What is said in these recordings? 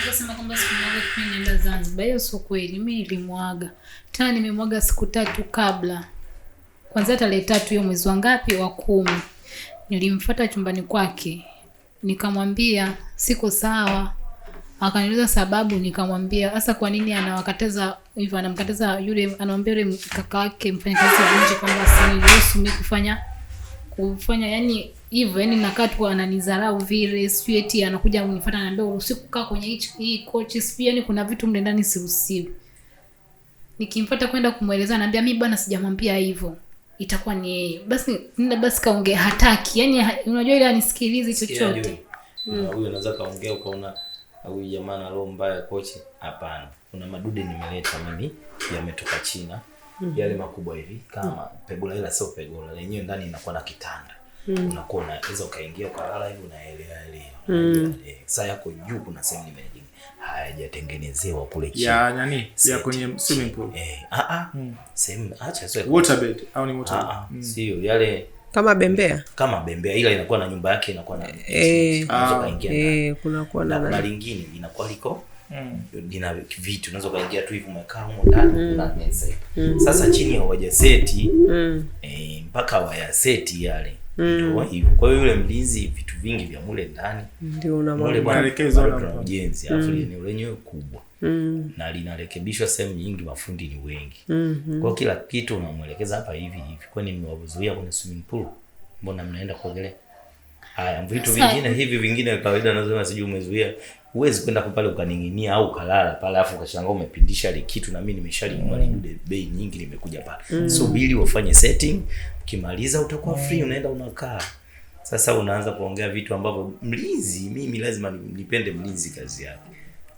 unaweza sema kwamba siku moja mimi Zanzibar. Hiyo sio kweli. Mimi nilimwaga tena, nimemwaga siku tatu kabla, kwanzia tarehe tatu hiyo mwezi wa ngapi, wa kumi. Nilimfuata chumbani kwake nikamwambia siko sawa, akaniuliza sababu. Nikamwambia hasa kwa nini anawakataza hivyo, anamkataza yule, anamwambia yule kaka wake mfanyakazi wa nje kwamba asiniruhusu mimi kufanya kufanya yani hivyo yani, nakaa tu ananizarau vile, sijui eti anakuja kunifuata ananiambia usiku kaa kwenye hii kochi, sijui yani kuna vitu mle ndani siusiwi. Nikimfuata kwenda kumweleza ananiambia mimi bwana sijamwambia hivyo, itakuwa ni yeye. Basi nenda basi kaongea, hataki yani, unajua ile anisikilizi chochote mm. ah, huyo. Anaweza kaongea ukaona ah, huyu jamaa na roho mbaya kochi. Hapana, kuna madude nimeleta mimi yametoka China, mm. yale makubwa hivi kama hmm. Pegula, ila sio pegula lenyewe, ndani inakuwa na kitanda mm. unakuwa unaweza ukaingia ukalala hivi unaelea elea mm. eh, saa yako juu, kuna sehemu nimejinga hayajatengenezewa kule chini ya nani ya kwenye swimming pool eh, a ah, a ah. mm. sehemu acha sio water bed au ni water a ah, mm. sio yale kama bembea kama bembea, ila inakuwa na nyumba yake, inakuwa na eh, kaingia eh, kuna kuwa na na lingine inakuwa liko Mm. Lina vitu unaweza kaingia tu hivi umekaa huko ndani mm. na meza. Mm. Sasa chini ya wajaseti mm. e, mpaka wayaseti yale mm. hivyo. Kwa hiyo yule mlinzi vitu vingi vya mule ndani ndio ujenzi, afu mm. eneo lenyewe kubwa mm. na linarekebishwa sehemu nyingi, mafundi ni wengi mm -hmm. Kwa kila kitu unamwelekeza hapa hivi hivi, kwani nimewazuia kwenye swimming pool, mbona mnaenda kuogelea? Haya, vitu vingine hivi vingine kawaida nasema sijui umezuia. Huwezi kwenda pale ukaning'inia au ukalala pale afu ukashangaa umepindisha ile kitu na mimi nimeshalinunua mm. ni bei nyingi nimekuja pale. Mm. Subiri so, ufanye setting, ukimaliza utakuwa mm. free unaenda unakaa. Sasa unaanza kuongea vitu ambavyo mlinzi mimi lazima nipende mlinzi kazi yake.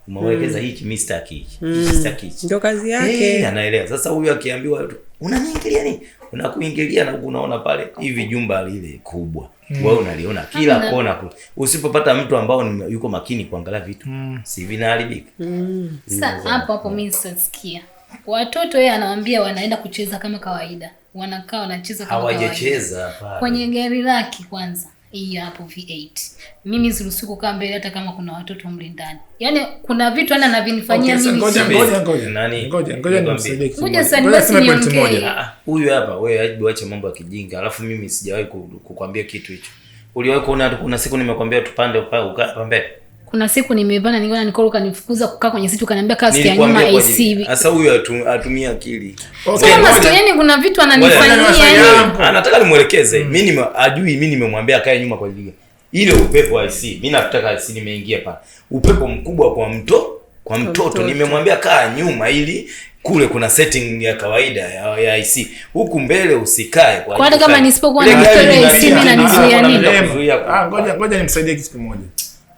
Umewekeza mm. hiki mimi sitaki hiki. Mm. Sitaki hiki. Ndio kazi yake. Hey, eh, anaelewa. Sasa huyu akiambiwa unaniingilia nini? Unakuingilia na unaona pale hivi jumba lile kubwa mm. wewe unaliona kila kona Usipopata mtu ambao yuko makini kuangalia vitu mm. si vinaharibika mm. Sasa mm. hapo hapo mimi sitasikia watoto, yeye anawaambia wanaenda kucheza kama kawaida, wanakaa wanacheza kama kawaida, hawajacheza kwenye gari lake kwanza hii hapo V8. Mimi siruhusu kukaa mbele hata kama kuna watoto mle ndani. Yaani kuna vitu ana anavinifanyia mimi. Ngoja ngoja ngoja. Nani? Ngoja ngoja nimsaidie kitu. Ngoja sasa basi niongee. Ah, ah, huyu hapa wewe hebu acha mambo ya kijinga. Alafu mimi sijawahi kukwambia kitu hicho. Uliwahi kuona kuna siku nimekwambia tupande upande ukaa mbele? kuna siku nimevana niona Nicole kanifukuza kukaa kwenye siti, ukaniambia kaa sikia nyuma AC hivi. Sasa huyu atumia akili okay. Kama maskini kuna vitu ananifanyia, anataka ah, nimuelekeze hmm. mimi, ni ajui mimi nimemwambia kae nyuma kwa ajili ile upepo wa AC. Mimi nataka AC, nimeingia pa upepo mkubwa kwa mto kwa mtoto, nimemwambia kaa nyuma ili kule kuna setting ya kawaida ya, ya IC huku mbele usikae, kwa kwa kama nisipokuwa na mtoto AC mimi nanizuia nini? ah Ngoja ngoja nimsaidie kitu kimoja.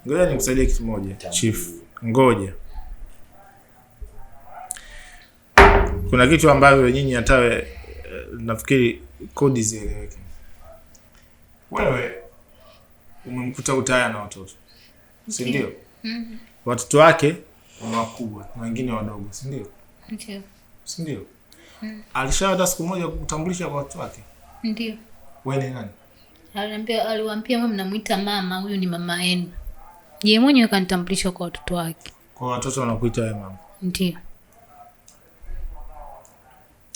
Ngoja nikusaidie kitu moja Chief, ngoja. Kuna kitu ambavyo nyinyi hatawe eh, nafikiri kodi zieleweke. Wewe umemkuta utaya na watoto, si ndio? mm Watoto wake ni wakubwa na wengine wadogo, si ndio? Ndio. Si ndio? Mm. Alishawata siku moja kutambulisha kwa watoto wake? Ndio. Wewe ni nani? Aliwaambia, aliwaambia namuita mama, huyu ni mama yenu. Yeye mwenyewe kanitambulisha kwa watoto wake. Kwa watoto wanakuita wewe mama? Ndio.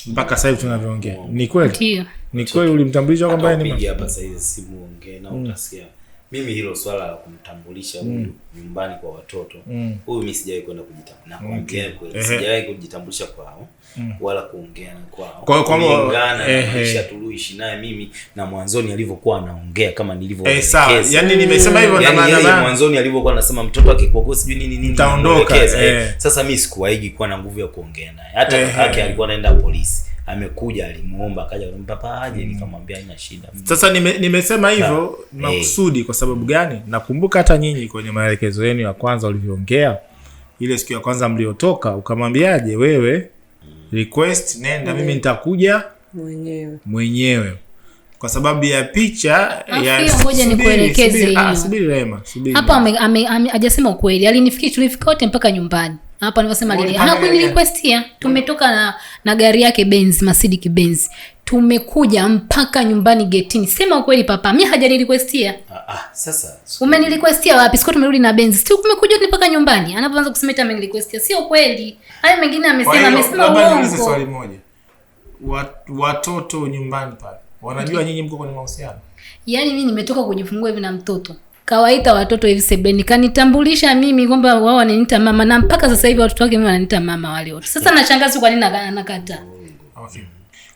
Mpaka sasa hivi tunavyoongea ni kweli? Ndio. Ni kweli ulimtambulisha kwamba yeye ni mama? Hapa sasa hivi simuongee na mm. utasikia mimi hilo swala la kumtambulisha huyu mm. nyumbani kwa watoto mm. huyu mm. mi sijawahi kwenda kujitambua na kuongea kweli okay. sijawahi kujitambulisha kwao mm. wala kuongea na kwao kwa, kwa kulingana eh, na maisha tuluishi naye mimi na mwanzoni alivyokuwa anaongea kama nilivyoelekeza eh, yani nimesema hivyo yani, na maana mwanzoni alivyokuwa anasema mtoto akikuwa sijui nini nini mtaondoka eh. eh. sasa mimi sikuwaigi kuwa na nguvu ya kuongea naye hata kaka eh, yake alikuwa anaenda polisi amekuja alimuomba akaja papa aje, mm. nikamwambia ina shida. Sasa nime, nimesema hivyo makusudi hey. Eh. Kwa sababu gani? Nakumbuka hata nyinyi kwenye maelekezo yenu ya kwanza ulivyoongea ile siku ya kwanza mliotoka, ukamwambiaje wewe mm. request nenda Mimi mm. nitakuja mwenyewe mwenyewe kwa sababu ya picha ah, ngoja nikuelekeze ah, hiyo. Subiri Rema, subiri hapa, hajasema ukweli, alinifikia tulifika wote mpaka nyumbani hapa nilivyosema lini, Tumetoka na, na gari yake Benz, Mercedes Benz, tumekuja mpaka nyumbani getini. Sema ukweli papa, mi hajanirikwestia ah, ah, umenirikwestia wapi? Siku tumerudi na Benz, sio kumekuja mpaka nyumbani, anapoanza kusema eti amenirequestia, sio kweli. Hayo mengine amesema, amesema Swali moja, watoto nyumbani pale wanajua mm-hmm. nyinyi mko kwenye mahusiano? Yaani mimi nimetoka kujifungua hivi na mtoto kawaita watoto hivi sebeni, kanitambulisha mimi kwamba wao wananiita mama, na mpaka sasa hivi watoto wake mimi wananiita mama wale wote. Sasa yeah. nashangazi kwa nini anakataa. Okay.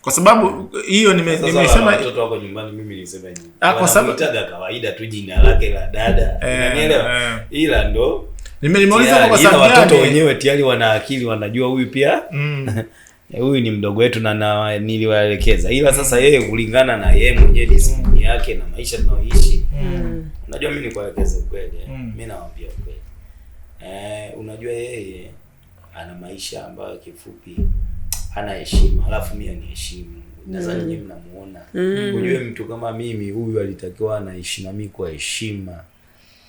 Kwa sababu hiyo nimesema watoto wako nyumbani mimi nisemeni Ah, kwa sababu taga kawaida tu jina lake la dada. Eh, Unanielewa? Eh, ila ndo nime nimeuliza kwa sababu watoto wenyewe tayari wana akili, wanajua huyu pia mm. huyu ni mdogo wetu na, na niliwaelekeza ila sasa yeye kulingana na yeye mwenyewe destiny yake na maisha tunayoishi mm. Unajua mimi nikuelekeze ukweli eh? mm. Mimi nawaambia ukweli eh, unajua yeye ana maisha ambayo kifupi hana heshima, alafu mimi ni heshima nadhani mm. nyinyi mnamuona mm. Ujue mtu kama mimi huyu alitakiwa anaishi na mimi kwa heshima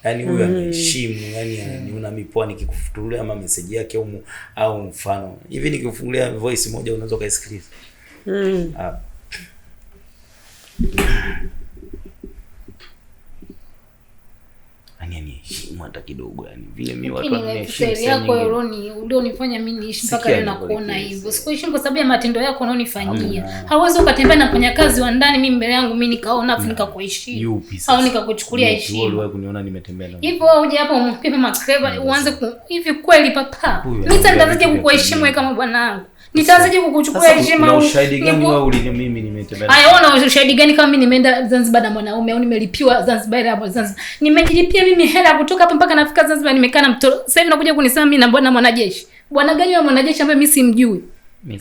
yani huyu mm. anaheshimu yani mm. ananiona mimi poa nikikufutulia ama message yake au au mfano hivi nikifungulia voice moja unaweza ukaisikiliza mm. Ah. yani hata kidogo, yani vile mimi watu Ulionifanya mimi niishi mpaka leo nakuona hivyo, sikuishi kwa sababu ya matendo yako unaonifanyia. hauwezi ukatembea na mfanyakazi wa ndani mimi mbele yangu mimi nikaona afu nikakuheshimu au nikakuchukulia heshima. Wewe kuniona nimetembea na hivyo, uje hapa makreva uanze hivi? Kweli papa, mimi sasa kukuheshimu kama bwanangu? Nitaanzaje kukuchukua heshima au ushahidi gani wewe ulini mimi nimetembea? Haya, ona ushahidi gani kama mimi nimeenda Zanzibar na mwanaume au nimelipiwa Zanzibar hapo Zanzibar. Nimejilipia mimi hela kutoka hapa mpaka nafika Zanzibar nimekaa na mtoro Sasa hivi nakuja kunisema mimi na bwana mwanajeshi. Bwana gani wa mwanajeshi ambaye mimi simjui?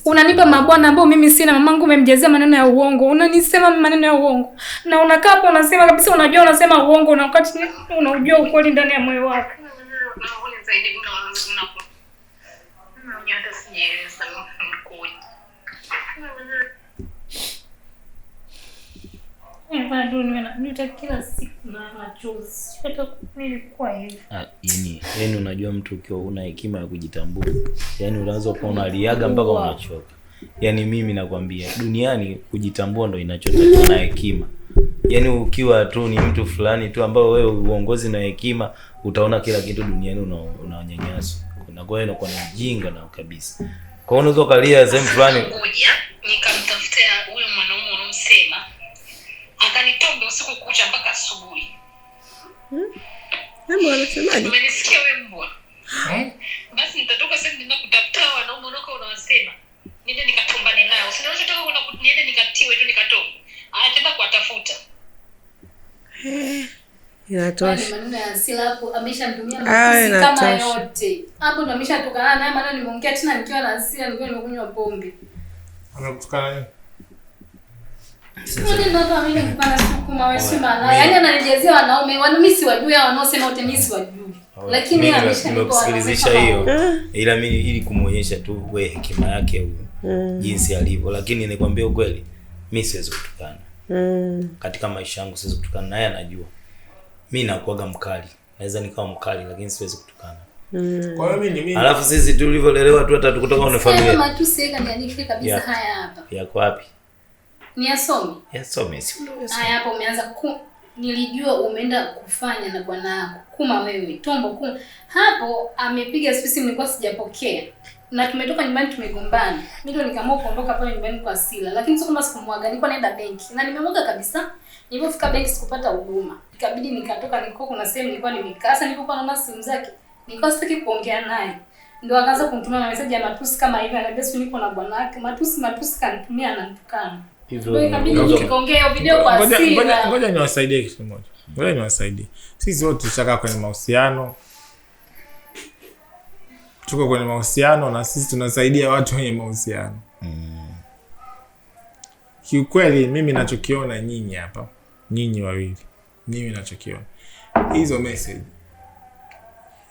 Unanipa mabwana ambao mimi sina. Mamangu umemjezea maneno ya uongo. Unanisema maneno ya uongo. Na unakaa hapo unasema kabisa unajua unasema uongo na wakati unaujua ukweli ndani ya moyo wako. Ah, yani unajua mtu ukiwa una hekima ya kujitambua, yani unaweza kuwa unaliaga mpaka unachoka. Yani mimi nakwambia, duniani kujitambua ndo inachotakiwa na hekima. Yani ukiwa tu ni mtu fulani tu ambayo wewe uongozi na hekima, utaona kila kitu duniani unaonyanyaswa, unakuwa na mjinga na kabisa. Kwa hiyo unaweza ukalia sehemu fulani, nikamtafutia huyo mwanaume unomsema akanitonga usiku kucha mpaka asubuhi. Hmm? Mbwa anasemaje? Umenisikia wewe mbwa? Eh? Basi nitatoka sasa, ndio nakutafuta wanaume unako unawasema. Niende nikatombane nao. Sina unachotaka kuna niende nikatiwe tu nikatoka. Anataka tenda kuwatafuta. Eh. Inatosha. Maneno ya hasira hapo ameshamtumia ah, matusi kama yote. Hapo ndo ameshatukana ah, naye maana nimeongea tena nikiwa na hasira nilikuwa nimekunywa pombe. Anakutukana nini? Yaani nimekusikilizisha hiyo, ila mi ili kumwonyesha tu we hekima yake huyo mm. jinsi alivyo, lakini nikwambia ukweli, mi siwezi kutukana mm. katika maisha yangu, siwezi kutukana naye, anajua mi nakuaga mkali, naweza nikawa mkali, lakini siwezi kutukana. Mm. Kwa hiyo mimi mimi, alafu sisi tulivyolelewa tu, hata tukutoka una familia ya wapi? Ni asome. Yasome si ndio? Haya hapo umeanza ku nilijua umeenda kufanya na bwana yako kuma wewe tombo kuma hapo amepiga sisi, nilikuwa sijapokea na tumetoka nyumbani tumegombana, mimi ndo nikaamua kuondoka pale nyumbani kwa Sila, lakini sio kama sikumwaga, nilikuwa naenda benki na nimemwaga kabisa. Nilipofika benki sikupata huduma, ikabidi nikatoka, nilikuwa kuna sehemu nilikuwa nimekasa nilipokuwa naona simu zake, nilikuwa sitaki kuongea naye, ndio akaanza kumtumia na message ya matusi kama hivi, ananiambia sio, niko na bwana yake matusi matusi, kanitumia ananitukana ngoja niwasaidie kitu kimoja, ngoja niwasaidie. Sisi wote tushakaa kwenye mahusiano, tuko kwenye mahusiano na sisi tunasaidia watu wenye mahusiano mm. Kiukweli mimi nachokiona nyinyi hapa, nyinyi wawili, mimi nachokiona hizo message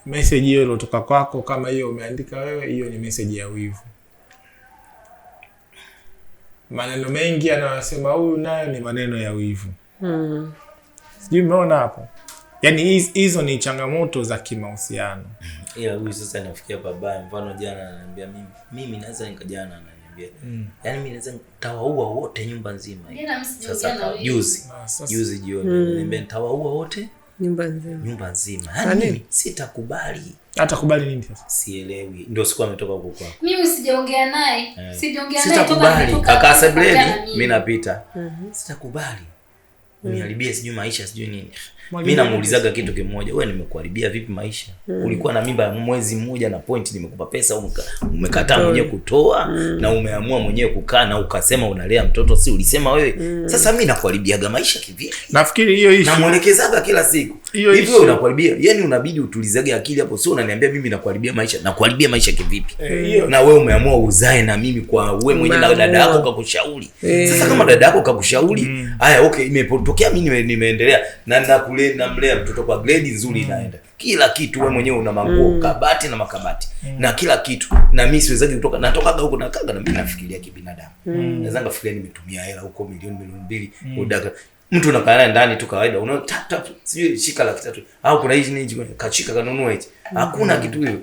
message hiyo iliotoka kwako, kama hiyo umeandika wewe, hiyo ni message ya wivu maneno mengi anayosema huyu nayo ni maneno ya wivu. Mm. Sijui umeona hapo. Yaani hizo ni changamoto za kimahusiano. Hmm. Ila huyu sasa nafikia babaya, mfano jana ananiambia mimi, mimi naweza nikajana ananiambia. Mm. Yaani mi naweza ntawaua wote nyumba nzima. Ah, sasa juzi. Juzi jioni ananiambia hmm. ntawaua wote nyumba nzima, nyumba nzima. Yani sitakubali. Atakubali nini sasa? Sielewi. Ndio siku ametoka huko kwako. Mimi sijaongea naye, eh. sijaongea naye toka kaka Sebleni. Mimi napita, mhm. sitakubali uniharibia mm. sijui maisha sijui nini. mi namuulizaga kitu kimoja, we nimekuharibia vipi maisha? Mm. Ulikuwa na mimba ya mwezi mmoja na point nimekupa pesa umekataa mwenyewe kutoa mm. na umeamua mwenyewe kukaa na ukasema unalea mtoto si ulisema wewe. Mm. Sasa mi nakuharibiaga maisha kivipi? Nafikiri hiyo issue. kila siku hiyo hivyo unakuharibia, yani unabidi utulizage akili hapo, sio unaniambia mimi nakuharibia maisha. Nakuharibia maisha kivipi? E, na wewe umeamua uzae na mimi kwa wewe mwenyewe na dada yako kakushauri. E, sasa kama dada yako kakushauri, mm. okay, imepotokea mimi nimeendelea na nakule na mtoto kwa grade nzuri mm. Inaenda kila kitu, wewe mwenyewe una manguo mm. kabati na makabati mm. na kila kitu, na mimi siwezaje kutoka, natoka huko na na mimi nafikiria kibinadamu mm. naweza ngafikiria nimetumia hela huko milioni milioni mbili mm mtu unakaa ndani tu kawaida, unaona tap tap, sijui shika laki tatu au kuna hizi nini kachika kanunua hichi, hakuna mm. kitu hiyo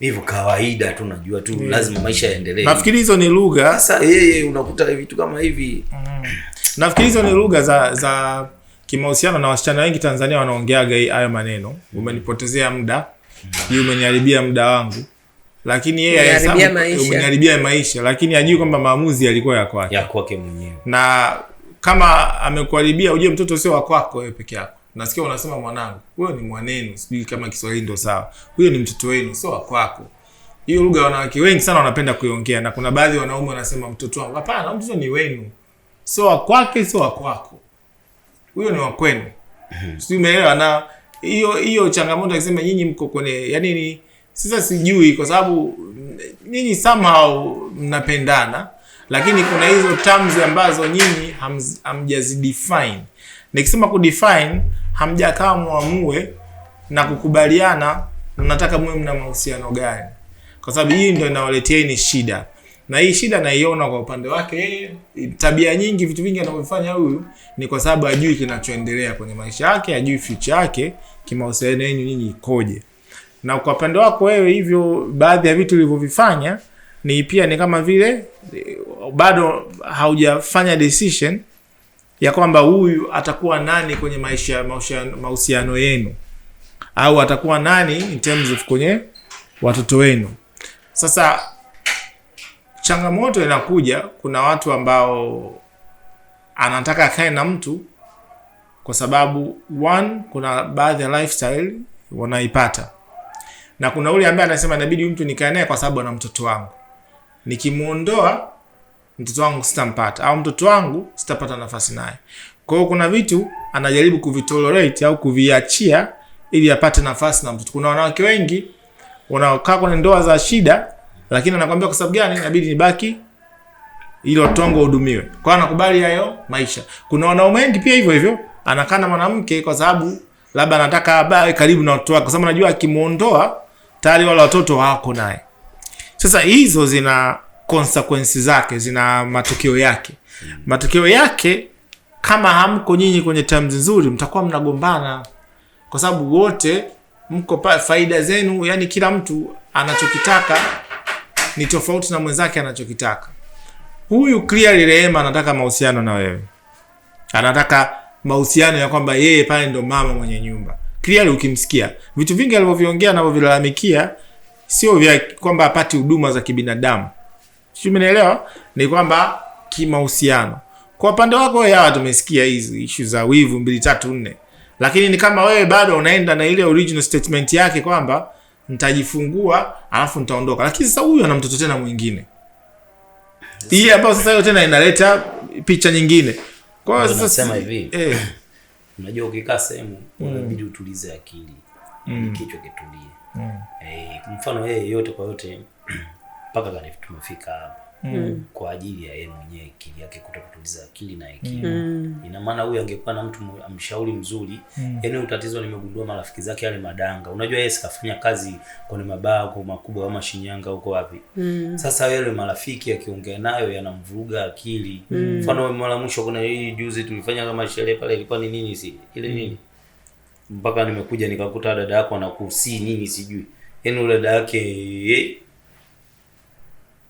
hivyo kawaida tu, najua tu Lazima maisha yaendelee. Nafikiri hizo ni lugha sasa, yeye unakuta vitu kama hivi mm. Nafikiri hizo ni lugha za za kimahusiano na wasichana wengi Tanzania wanaongeaga hayo maneno. Umenipotezea muda, yeye umeniharibia muda wangu, lakini yeye umeniharibia maisha. maisha, lakini ajui kwamba maamuzi yalikuwa ya kwake ya kwake mwenyewe na kama amekuharibia, ujue mtoto sio wakwako wewe peke yako. Nasikia unasema mwanangu, huyo ni mwanenu, sijui kama Kiswahili ndo sawa. Huyo ni mtoto wenu, sio wakwako Hiyo lugha wanawake wengi sana wanapenda kuiongea, na kuna baadhi ya wanaume wanasema mtoto wangu. Hapana, mtoto ni wenu, sio wakwake sio wakwako Huyo ni wakwenu mhm. sijui umeelewa? Na hiyo hiyo changamoto akisema nyinyi mko kwenye yani, sasa sijui kwa sababu mm, nyinyi somehow mnapendana lakini kuna hizo terms ambazo nyinyi hamjazidefine. Nikisema kudefine, hamjakaa muamue na kukubaliana mnataka muwe mna mahusiano gani, kwa sababu hii ndio inawaleteeni shida, na hii shida naiona kwa upande wake. yeye. Tabia nyingi, vitu vingi anavyofanya huyu ni kwa sababu ajui kinachoendelea kwenye maisha yake, ajui future yake, kimahusiano yenu nyinyi ikoje, na kwa upande wako wewe, hivyo baadhi ya vitu ulivyovifanya ni pia ni kama vile bado haujafanya decision ya kwamba huyu atakuwa nani kwenye maisha mahusiano yenu, au atakuwa nani in terms of kwenye watoto wenu. Sasa changamoto inakuja, kuna watu ambao anataka akae na mtu kwa sababu one, kuna baadhi ya lifestyle wanaipata, na kuna ule ambaye anasema inabidi mtu nikae naye kwa sababu ana mtoto wangu nikimuondoa mtoto wangu sitampata, au mtoto wangu sitapata nafasi naye. Kwa hiyo kuna vitu anajaribu kuvitolerate au kuviachia ili apate nafasi na mtoto. Kuna wanawake wengi wanaokaa kwenye ndoa za shida, lakini anakwambia kwa sababu gani inabidi nibaki ili watoto wangu wahudumiwe. Kwa hiyo anakubali hayo maisha. Kuna wanaume wengi pia hivyo hivyo, anakaa na mwanamke kwa sababu labda anataka abae karibu na watoto wake, kwa sababu anajua akimuondoa tayari wale watoto wako naye. Sasa hizo zina konsekwensi zake, zina matokeo yake. Mm. Matokeo yake kama hamko nyinyi kwenye terms nzuri, mtakuwa mnagombana kwa sababu wote mko pa faida zenu, yani kila mtu anachokitaka ni tofauti na mwenzake anachokitaka. Huyu clearly Rehema anataka mahusiano na wewe, anataka mahusiano ya kwamba yeye pale ndo mama mwenye nyumba. Clearly ukimsikia vitu vingi alivyoviongea anavyovilalamikia sio vya kwamba apati huduma za kibinadamu, sio? Umeelewa? Ni kwamba kimahusiano. Kwa upande wako yawa, tumesikia hizi ishu za wivu mbili tatu nne, lakini ni kama wewe bado unaenda na ile original statement yake kwamba nitajifungua alafu nitaondoka, lakini sasa huyu ana mtoto tena mwingine, ile ambayo sasa hiyo tena inaleta picha nyingine. Kwa hiyo sasa hivi eh, unajua ukikaa sehemu unabidi mm. utulize akili mm, kichwa kitulie mm. Eh, mfano yeye yote kwa yote mpaka tumefika hapa mm. kwa ajili ya yeye mwenyewe akili yake kuta kutuliza akili na hekima mm. ina maana huyu angekuwa na mtu mshauri mzuri mm. yaani utatizo nimegundua marafiki zake yale madanga unajua yeye sikafanya kazi kwenye mabaa kwa makubwa kama Shinyanga huko wapi mm. sasa yale marafiki akiongea nayo yanamvuruga akili mm. mfano mm. mara mwisho kuna hii juzi tulifanya kama sherehe pale ilikuwa ni nini si ile nini mm mpaka nimekuja nikakuta dada yako anakusii nini sijui, yaani ule dada yake yani eh,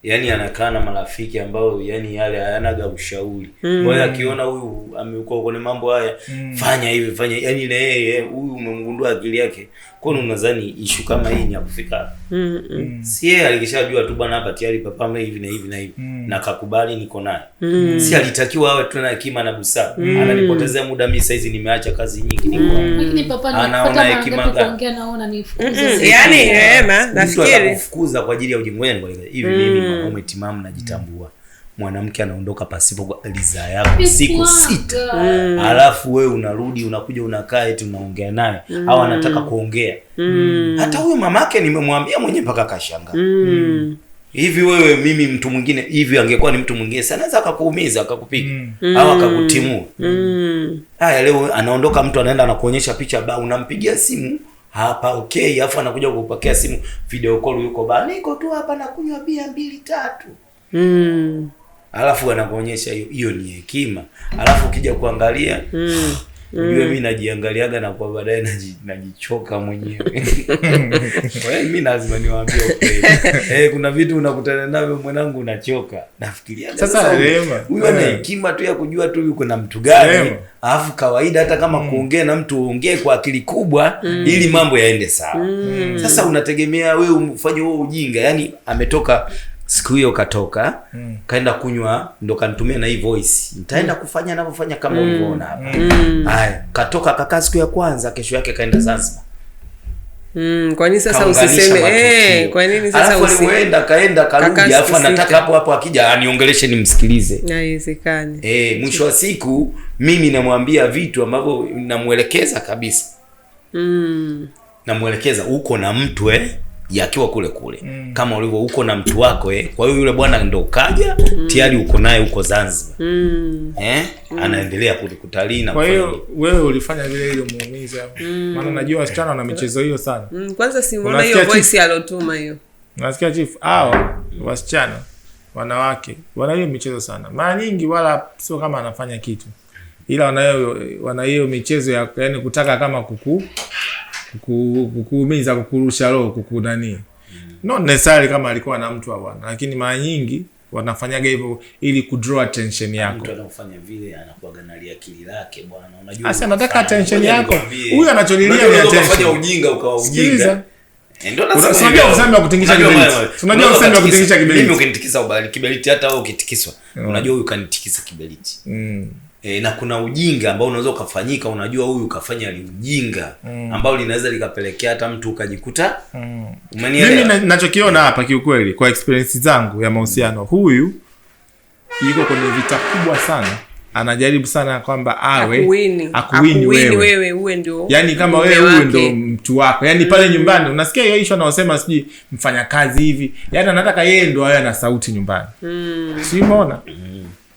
yaani anakaa na marafiki ambao yani yale hayanaga ushauri mm. Kwa hiyo akiona huyu amekuwa kwenye mambo haya mm. fanya hivi fanya, yani, na yeye huyu umemgundua akili yake Kwani unadhani issue kama hii ni ya kufika? Mm -mm. Si yeye alikishajua tu bwana, hapa tayari papa ame hivi na hivi na hivi mm. na kakubali niko naye. Mm. Si alitakiwa awe tu na hekima na busara. Mm. Ananipotezea muda mimi sasa hizi nimeacha kazi nyingi niko. Mm. Lakini papa anaona hekima gani? Anaongea naona nifukuze. Mm. Yaani neema eh, nafikiri. Kufukuza kwa ajili ya ujingwenu hivi mimi mm. mwanaume timamu najitambua. mm mwanamke anaondoka pasipo kwa ridhaa yako siku sita, mm. alafu wewe unarudi unakuja unakaa eti unaongea naye mm. au anataka kuongea mm. hata huyo mamake nimemwambia mwenyewe mpaka kashanga mm. mm. Hivi wewe mimi mtu mwingine hivi angekuwa ni mtu mwingine sana anaweza akakuumiza akakupiga mm. au akakutimua mm. mm. Haya, leo anaondoka mtu anaenda anakuonyesha picha ba, unampigia simu hapa okay, afu anakuja kukupokea simu video call, yuko ba, niko tu hapa nakunywa bia mbili tatu mm alafu anakuonyesha hiyo ni hekima, alafu ukija kuangalia mm. Ujue mm. mi najiangaliaga na kwa baadaye najichoka mwenyewe. mi lazima niwaambie okay. Hey, eh, kuna vitu unakutana navyo mwanangu, unachoka. Nafikiria sasa ana eh. hekima tu ya kujua tu yuko na mtu gani. Alafu kawaida hata kama mm. kuongea na mtu uongee kwa akili kubwa mm. ili mambo yaende sawa. Mm. Sasa unategemea wewe ufanye huo ujinga. yani ametoka siku hiyo katoka mm. kaenda kunywa, ndo kanitumia na hii voice, nitaenda mm. kufanya anavyofanya kama mm. ulivyoona hapa mm. mm. haya, katoka kakaa siku ya kwanza, kesho yake kaenda Zanzibar Mm, kwa nini sasa usiseme eh, kwa nini sasa usiseme? kaenda karudi, alafu anataka hapo hapo akija aniongeleshe nimsikilize. Haiwezekani. Eh, mwisho wa siku mimi namwambia vitu ambavyo namuelekeza kabisa. Mm. Namuelekeza uko na mtu eh yakiwa kule kule mm. kama ulivyo uko na mtu wako eh. Kwa hiyo yule bwana ndo kaja mm. tayari uko naye huko Zanzibar mm. eh? mm. anaendelea kutalii na kwa hiyo wewe ulifanya vile ile muumiza mm. maana najua wasichana wana michezo hiyo sana mm. Kwanza simuona hiyo voice alotuma hiyo, nasikia chief hao wasichana wanawake wana hiyo michezo sana, mara nyingi wala sio kama anafanya kitu, ila wana hiyo wana hiyo michezo ya yani kutaka kama kuku kukuumiza kukurusha roho kukunani mm. not necessarily kama alikuwa na mtu awana, lakini mara nyingi wanafanyaga hivyo ili kudraw attention yako. Mtu anafanya vile na akili lake bwana, unajua nataka attention yako. Huyu anacholilia ni attention, ujinga ukawa ujinga. Eh, unajua usemi wa kutingisha unajua usemi wa kutingisha Mimi ukinitikisa ubali hata wewe ukitikiswa, mm. unajua huyu kanitikisa kiberiti mm. E, na kuna ujinga ambao unaweza ukafanyika, unajua huyu kafanya liujinga mm. ambao linaweza likapelekea hata mtu ukajikuta mm. umenielewa. Mimi ninachokiona hapa kiukweli, kwa experience zangu ya mahusiano, huyu yuko kwenye vita kubwa sana, anajaribu sana kwamba awe akuwini, akuwini wewe, wewe uwe ndio yani kama wewe uwe ndio mtu wako yani pale mm. nyumbani unasikia hiyo issue anaosema sijui mfanyakazi hivi, yani anataka yeye ndio awe na sauti nyumbani mm. sijui umeona mm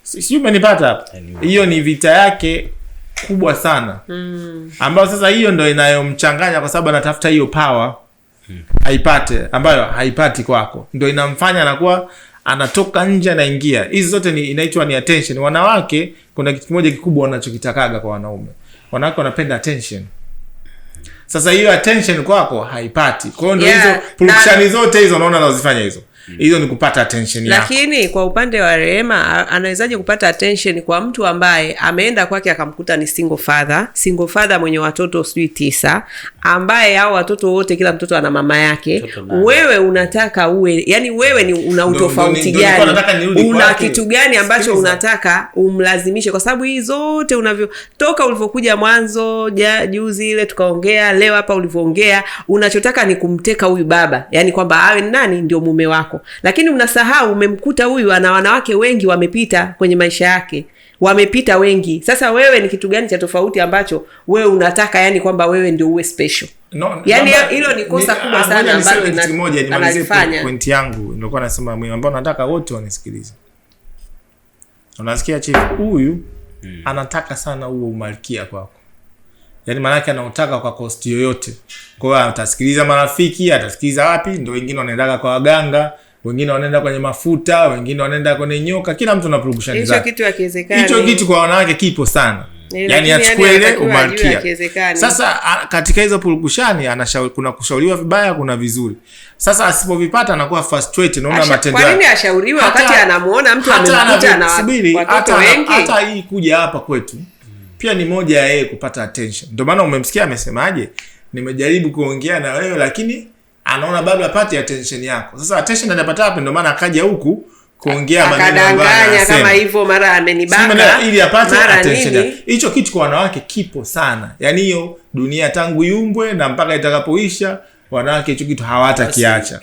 siu umenipata Hiyo ni vita yake kubwa sana mm. ambayo sasa hiyo ndo inayomchanganya kwa sababu anatafuta hiyo power mm. aipate ambayo haipati kwako, ndo inamfanya anakuwa anatoka nje anaingia. Hizi zote ni inaitwa ni attention. Wanawake kuna kitu kimoja kikubwa wanachokitakaga kwa wanaume, wanawake wanapenda attention. Sasa hiyo attention kwako haipati, kwa hiyo ndo hizo yeah, purukushani zote hizo unaona nazifanya hizo Mm. hiyo ni kupata attention yako. Lakini kwa upande wa Rehema, anawezaje kupata attention kwa mtu ambaye ameenda kwake akamkuta ni single father, single father mwenye watoto sijui tisa, ambaye hao watoto wote, kila mtoto ana mama yake. Wewe unataka uwe, yani wewe ni una utofauti gani? Una kitu gani ambacho unataka umlazimishe? Kwa sababu hii zote unavyo toka ulivyokuja mwanzo, juzi ile tukaongea, leo hapa ulivyoongea, unachotaka ni kumteka huyu baba, yani kwamba awe nani ndio mume wako wako, lakini unasahau umemkuta huyu ana wanawake wengi wamepita kwenye maisha yake, wamepita wengi. Sasa wewe ni kitu gani cha tofauti ambacho wewe unataka, yani kwamba wewe ndio uwe special? No, yani hilo ni kosa kubwa sana ambalo ninafanya. Point yangu nilikuwa nasema mimi ambao nataka wote wanisikilize. Unasikia chief, huyu hmm, anataka sana huo umalkia kwako yaani maanake anaotaka kwa kosti yoyote. Kwa hiyo atasikiliza marafiki, atasikiliza wapi, ndio wengine wanaendaga kwa waganga, wengine wanaenda kwenye mafuta, wengine wanaenda kwenye nyoka, kila mtu anapurugushana kitu. kwa wanawake kipo sana yaani achukuele umalkia. Sasa katika hizo purugushani kuna kushauriwa vibaya, kuna vizuri. Sasa asipovipata anakuwa frustrated, naona matendo hata hii kuja hapa kwetu pia ni moja ya yeye kupata attention. Ndio maana umemsikia amesemaje, nimejaribu kuongea na wewe lakini anaona bado apate attention yako. Sasa attention anapata wapi? Ndio maana akaja huku kuongea maneno kama hivyo, mara amenibaka ili apate attention. Hicho kitu kwa wanawake kipo sana, yaani hiyo dunia tangu yumbwe na mpaka itakapoisha wanawake hicho kitu hawatakiacha.